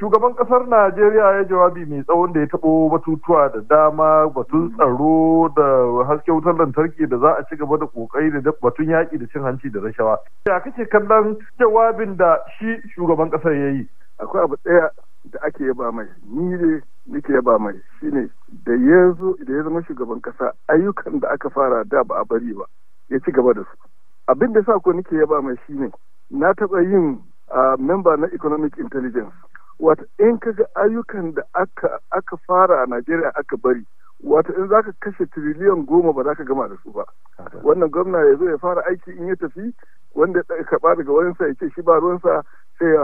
shugaban kasar najeriya ya jawabi mai tsawon da ya taɓo batutuwa da dama batun mm. tsaro da hasken wutar lantarki da za a ci gaba da kokari da batun yaƙi da cin hanci da rashawa ya kace kallon jawabin da shi shugaban kasar ya yi akwai abu ɗaya da ake yaba mai ni ne nake yaba mai shine da ya zo da ya zama shugaban kasa ayyukan da aka fara da ba a bari ba ya ci gaba da su abin da sa ko nake yaba mai shine na taɓa yin a ah, memba na economic intelligence wata in ka ayyukan da aka aka fara a Najeriya aka bari wata in zaka kashe tiriliyan goma ba za ka gama da su ba wannan gwamna ya zo ya fara aiki in ya tafi wanda ya karɓa daga wurinsa ya ce shi ba ruwansa sai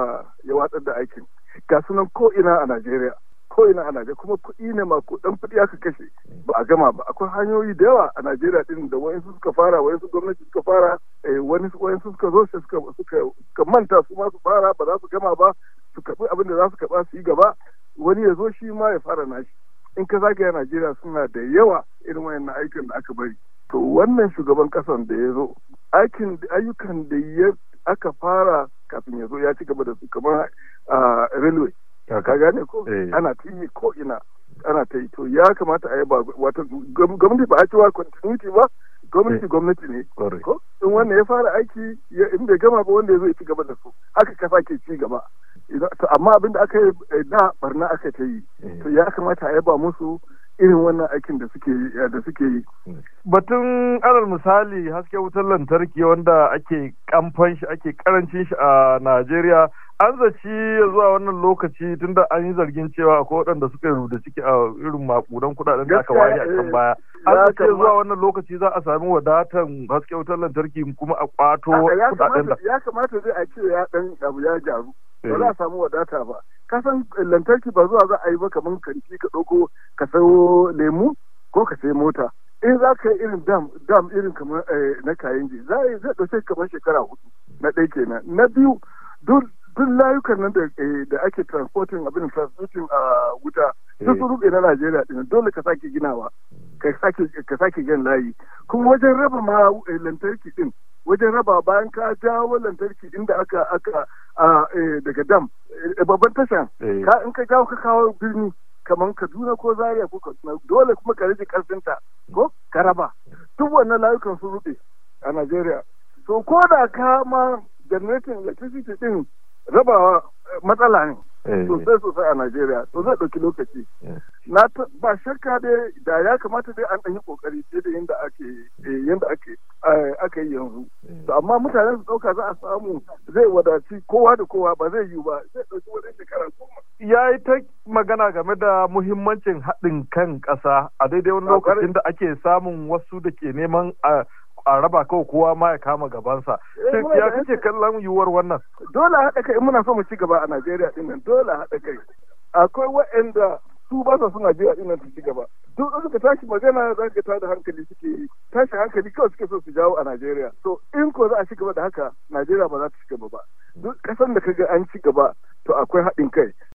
ya watsar da aikin ga sunan ko ina a Najeriya ko ina a kuma kuɗi ne ma ɗan kuɗi aka kashe ba a gama ba akwai hanyoyi da yawa a Najeriya din da wayansu suka fara wayansu gwamnati suka fara wani eh, wayansu suka zo suka suka manta su ma su fara ba za su gama ba su karɓi abin da za su karɓa su yi gaba wani ya zo shi ma ya fara nashi in ka zagaya Najeriya suna da yawa irin wayannan aikin da aka bari to wannan shugaban kasan da ya zo aikin ayyukan da ya aka fara kafin ya zo ya ci gaba da su kamar ah, railway ka eh. gane ko eh. ana ta yi ko ina ana ta yi to ya kamata a yi ba wata gwamnati ba a cewa continuity ba gwamnati eh. gwamnati ne ko in wanda ya fara aiki in bai gama ba wanda ya zo ya ci gaba da su aka ka sake ci gaba amma abin da aka yi da barna aka ta yi to ya kamata a yi ba musu irin wannan aikin da suke eh, da suke yi. Hmm. Batun alal misali haske wutar lantarki wanda ake kamfan shi ake karancin shi a Najeriya an zaci zuwa wannan lokaci tunda an yi zargin cewa akwai waɗanda suka da ciki a irin makudan kuɗaɗen da aka wari a kan eh, baya. An zaci zuwa wannan lokaci za a sami wadatan haske wutar lantarki kuma a kwato kuɗaɗen da. Ya kamata zai a ce ya ɗan abu ya jaru. ba za a eh. samu wadata ba ka san lantarki ba zuwa za a yi ba kamar kanti ka ɗauko ka sayo lemu ko ka sayi mota in za ka yi irin dam dam irin kamar eh, na kayan ji za a zai ɗauke kamar shekara hudu na ɗaya kenan na biyu duk layukan nan eh, da ake transporting abin transportin a ah, wuta duk sun rube na najeriya ɗin dole ka sake ginawa ka sake gina layi kuma wajen raba ma lantarki din. wajen raba bayan ka jawo lantarki inda aka aka eh, daga dam eh, babban tashan eh. ka in ka jawo ka kawo birni kamar kaduna ko zaria ko kaduna dole kuma ka rage ta ko ka raba duk wannan layukan sun rube a najeriya so ko da ka ma generating electricity din rabawa matsala ne sosai sosai a Najeriya to zai ɗauki lokaci. Na ba shakka dai da ya kamata dai an ɗanyi ƙoƙari sai da inda ake amma mutane su ɗauka za a samu zai wadaci kowa da kowa ba zai yiwu ba ya yi ta magana game da muhimmancin haɗin kan ƙasa a daidai wani lokacin da ake samun wasu da ke neman a raba kawai kowa ma ya kama gabansa. Eh, ya kake kallon yiwuwar wannan? Dole haɗa kai muna so mu ci gaba a Najeriya ɗin nan dole haɗa kai. Akwai waɗanda su ba sa son Najeriya a nan su ci gaba duk da suka tashi magana za ka da hankali suke yi tashi hankali kawai suke so su jawo a Najeriya so in ko za a ci gaba da haka Najeriya ba za ta ci gaba ba duk kasan da kaga an ci gaba to akwai haɗin kai